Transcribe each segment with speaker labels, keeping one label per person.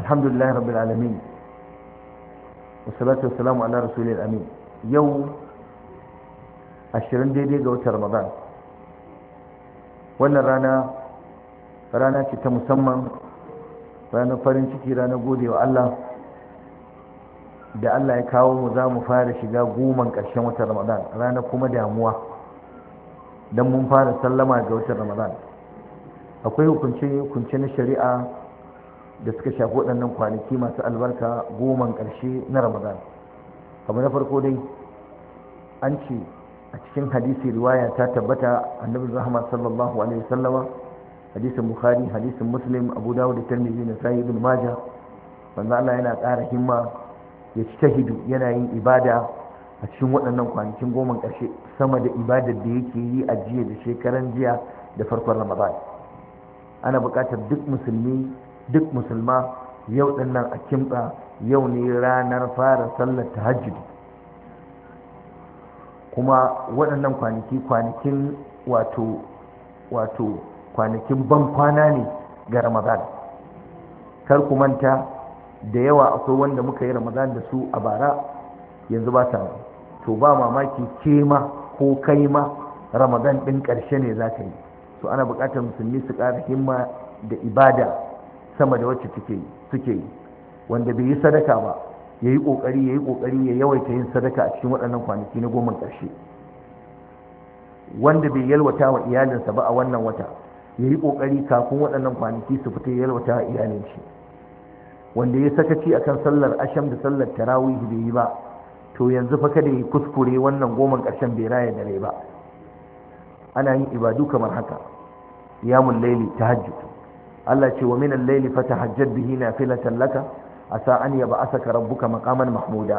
Speaker 1: الحمد لله رب العالمين والصلاة والسلام على رسول الأمين يوم ashirin daidai ga watan ramadan wannan rana rana ce ta musamman ranar farin ciki ranar gode wa Allah da Allah ya kawo mu za mu fara shiga goman ƙarshen watan ramadan rana kuma damuwa don mun fara sallama ga watan ramadan akwai hukunce hukunce na shari'a da suka shafi waɗannan kwanaki masu albarka goman ƙarshe na ramadan abu na farko dai an ce a cikin hadisi riwaya ta tabbata annabi rahama sallallahu alaihi wasallama hadisin bukhari hadisin muslim abu dawud da tirmidhi da sahih ibn majah wanda Allah yana ƙara himma ya ci tahidu yana yin ibada a cikin waɗannan kwanakin goman ƙarshe sama da ibadar da yake yi a jiya da shekaran jiya da farkon ramadan ana buƙatar duk musulmi duk musulma yau ɗin nan a kimtsa yau ne ranar fara sallar ta hajji kuma waɗannan kwanaki kwanakin wato wato kwanakin ban kwana ne ga ramadan kar ku manta da yawa akwai wanda muka yi ramadan da su a bara yanzu ba ta to ba mamaki ke ma ko kai ma ramadan ɗin ƙarshe ne za ka yi to ana buƙatar musulmi su ƙara himma da ibada sama da wacce suke yi wanda bai yi sadaka ba ya yi ƙoƙari ya yi ƙoƙari ya yawaita yin sadaka a cikin waɗannan kwanaki na goma ƙarshe wanda bai yalwata wa iyalinsa ba a wannan wata ya yi ƙoƙari kafin waɗannan kwanaki su fita ya yalwata wa iyalinsa wanda ya saka ci akan sallar asham da sallar tarawih bai yi ba to yanzu fa kada ya kuskure wannan goma ƙarshen bai raya rai ba ana yin ibadu kamar haka Laili ta tahajjud Allah ce wa minan al fata hajjar bihi nafilatan laka ya an yab'asaka rabbuka maqaman mahmuda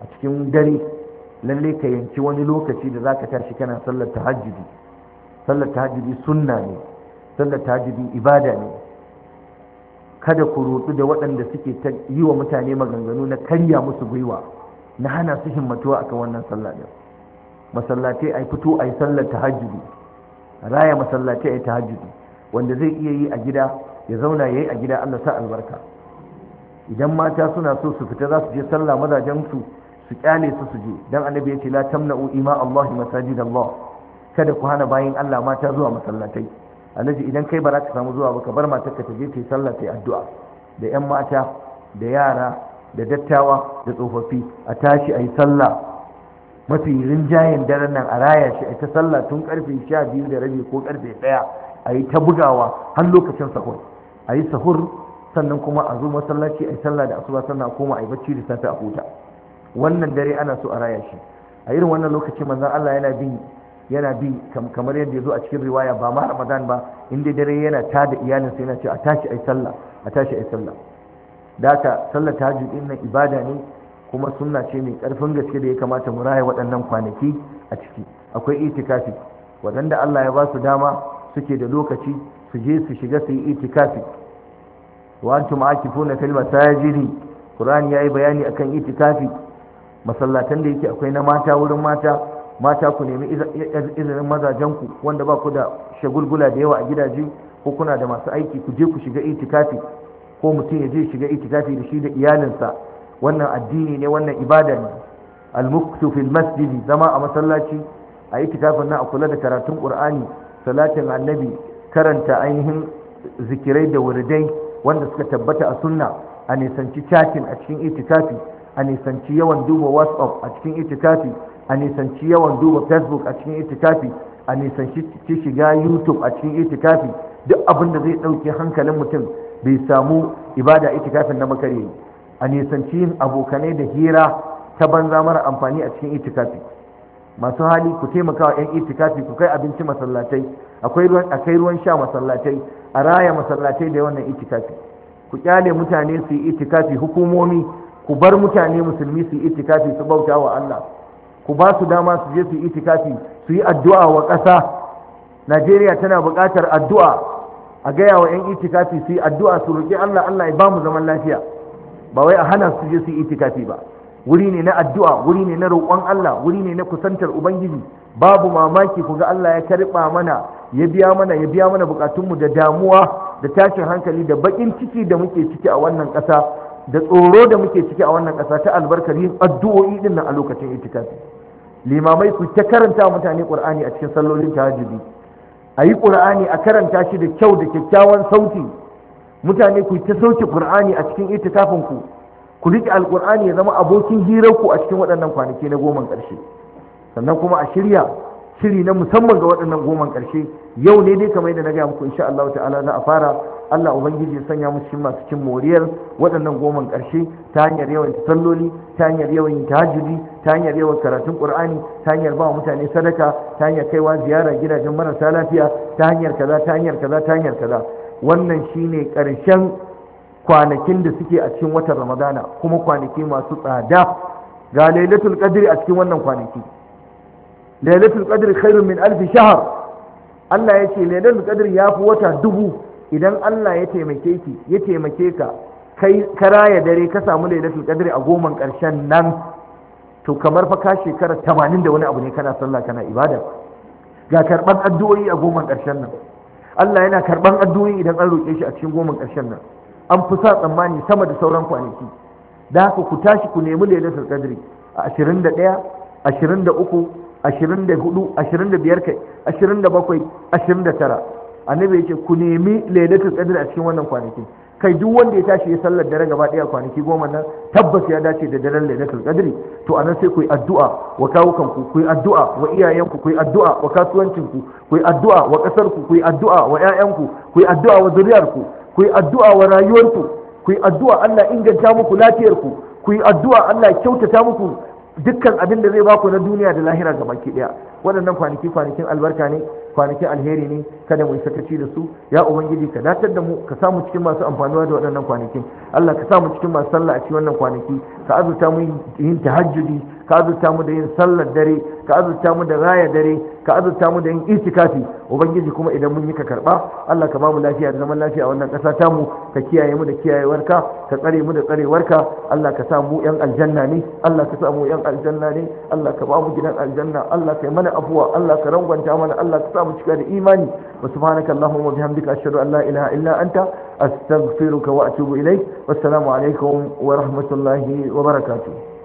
Speaker 1: a cikin dare lalle ka yanki wani lokaci da zaka tashi kana sallar tahajjudi sallar tahajjudi sunna ne sallar tahajjudi ibada ne kada ku rutsu da waɗanda suke yi wa mutane maganganu na karya musu gwiwa na hana su himmatuwa akan wannan sallah din masallatai ai fito ai sallar tahajjudi raya masallatai ai tahajjudi wanda zai iya yi a gida ya zauna ya yi a gida Allah sa albarka idan mata suna so su fita za su je sallah mazajen su su kyale su su je dan annabi ya ce la tamna'u ima Allah masajid Allah kada ku hana bayin Allah mata zuwa masallatai alaji idan kai ba za ka samu zuwa ba ka bar ka ta je ta yi sallah ta yi addu'a da yan mata da yara da dattawa da tsofaffi a tashi a yi sallah mafi rinjayen daren nan a raya shi a ta sallah tun karfe sha biyu da rabi ko karfe ɗaya a yi ta bugawa har lokacin sahur a yi sahur sannan kuma a zo masallaci a yi sallah da asuba sannan a koma a yi bacci da safe a huta wannan dare ana so a raya shi a irin wannan lokaci manzon Allah yana bin yana bi kamar yadda ya zo a cikin riwaya ba ma ramadan ba inda dare yana ta da iyalinsa yana ce a tashi a yi sallah a tashi a yi sallah da haka sallar tahajjud din nan ibada ne kuma sunna ce mai karfin gaske da ya kamata mu raya waɗannan kwanaki a ciki akwai itikafi waɗanda Allah ya ba su dama suke da lokaci su je su shiga su yi itikafi wa antum akifuna fil masajidi ya yayi bayani akan itikafi masallatan da yake akwai na mata wurin mata mata ku nemi izinin mazajen ku wanda ba ku da shagulgula da yawa a gidaje ko kuna da masu aiki ku je ku shiga itikafi ko mutum ya je shiga itikafi da shi da iyalinsa wannan addini ne wannan ibada ne al fil masjidi zama a masallaci a itikafin nan a kula da karatun qur'ani salatin annabi karanta ainihin zikirai da wuridai wanda suka tabbata a sunna a nisanci chatin a cikin itikafi a nisanci yawan duba whatsapp a cikin itikafi a nisanci yawan duba facebook a cikin itikafi a nisanci shiga youtube a cikin itikafi duk abin da zai ɗauke hankalin mutum bai samu ibada itikafin na makare a nisanci yin abokanai da hira ta banza mara amfani a cikin itikafi masu hali ku taimaka wa 'yan itikafi ku kai abinci masallatai akwai ruwan ruwan sha masallatai a raya masallatai da wannan itikafi ku kyale mutane su yi itikafi hukumomi ku bar mutane musulmi su yi itikafi su bauta wa Allah ku ba su dama su je su yi itikafi su yi addu'a wa ƙasa Najeriya tana buƙatar addu'a a gaya wa 'yan itikafi su yi addu'a su roƙi Allah Allah ya ba mu zaman lafiya ba wai a hana su je su yi itikafi ba wuri ne na addu'a wuri ne na roƙon Allah wuri ne na kusantar ubangiji babu mamaki ku ga Allah ya karɓa mana ya biya mana ya biya mana bukatunmu da damuwa da tashin hankali da bakin ciki da muke ciki a wannan ƙasa da tsoro da muke ciki a wannan ƙasa ta albarkar yin addu'o'i din nan a lokacin itikafi limamai ku ta karanta mutane qur'ani a cikin sallolin tahajjudi a yi qur'ani a karanta shi da kyau da kyakkyawan sauti mutane ku ta sauke ƙur'ani a cikin itikafin ku ku riƙe alƙur'ani ya zama abokin hirarku a cikin waɗannan kwanaki na goma ƙarshe sannan kuma a shirya shiri na musamman ga waɗannan goman ƙarshe yau ne dai kamar yadda na gaya muku insha Allah ta'ala na a fara Allah ubangiji ya sanya mu cikin masu cin moriyar waɗannan goman ƙarshe ta hanyar yawan salloli ta hanyar yawan tahajjudi ta hanyar yawan karatun Qur'ani ta hanyar ba mutane sadaka ta hanyar kaiwa ziyara gidajen marasa lafiya ta hanyar kaza ta hanyar kaza ta hanyar kaza wannan shine ƙarshen kwanakin da suke a cikin watan ramadana kuma kwanaki masu tsada ga lailatul qadri a cikin wannan kwanaki lailatul qadri khairun min alfi shahr Allah ya ce lailatul qadri ya fi wata dubu idan Allah ya taimake ki ya taimake ka kai karaya dare ka samu lailatul qadri a goman karshen nan to kamar fa ka shekara 80 da wani abu ne kana sallah kana ibada ga karban addu'o'i a goman karshen nan Allah yana karban addu'o'i idan an roke shi a cikin goman karshen nan an fi sa tsammani sama da sauran kwanaki da haka ku tashi ku nemi lailatul qadri a 21 23 24 25 kai 29 annabi ce ku nemi lailatul qadri a cikin wannan kwanaki kai duk wanda ya tashi ya sallar dare gaba daya kwanaki goma nan tabbas ya dace da daren lailatul qadri to anan sai ku yi addu'a wa kawukanku ku yi addu'a wa iyayenku ku yi addu'a wa kasuwancinku ku yi addu'a wa kasarku ku yi addu'a wa ƴaƴanku ku yi addu'a wa zuriyarku ku yi addu'a wa rayuwarku ku yi addu'a Allah inganta muku lafiyarku ku yi addu'a Allah kyautata muku dukkan abin da zai baku na duniya da lahira ga baki daya waɗannan kwanaki kwanakin albarka ne kwanaki alheri ne kada mu isa kaci da su ya ubangiji ka datar da mu ka samu cikin masu amfanuwa da waɗannan kwanakin Allah ka samu cikin masu sallah a cikin wannan kwanaki ka azurta mu yin tahajjudi ka azurta mu da yin sallar dare ka azurta mu da raya dare ka azurta mu da yin istikafi ubangiji kuma idan mun yi ka karba Allah ka ba mu lafiya da zaman lafiya a wannan ƙasa ta mu ka kiyaye mu da kiyayewarka ka tsare mu da tsarewarka Allah ka sa mu yan aljanna ne Allah ka yan aljanna ne Allah ka ba mu gidan aljanna Allah ka yi mana afuwa Allah ka rangwanta mana Allah ka mu cika da imani wa subhanaka allahumma bihamdika ashhadu an la ilaha illa anta astaghfiruka wa atubu ilaik wassalamu alaikum wa rahmatullahi wa barakatuh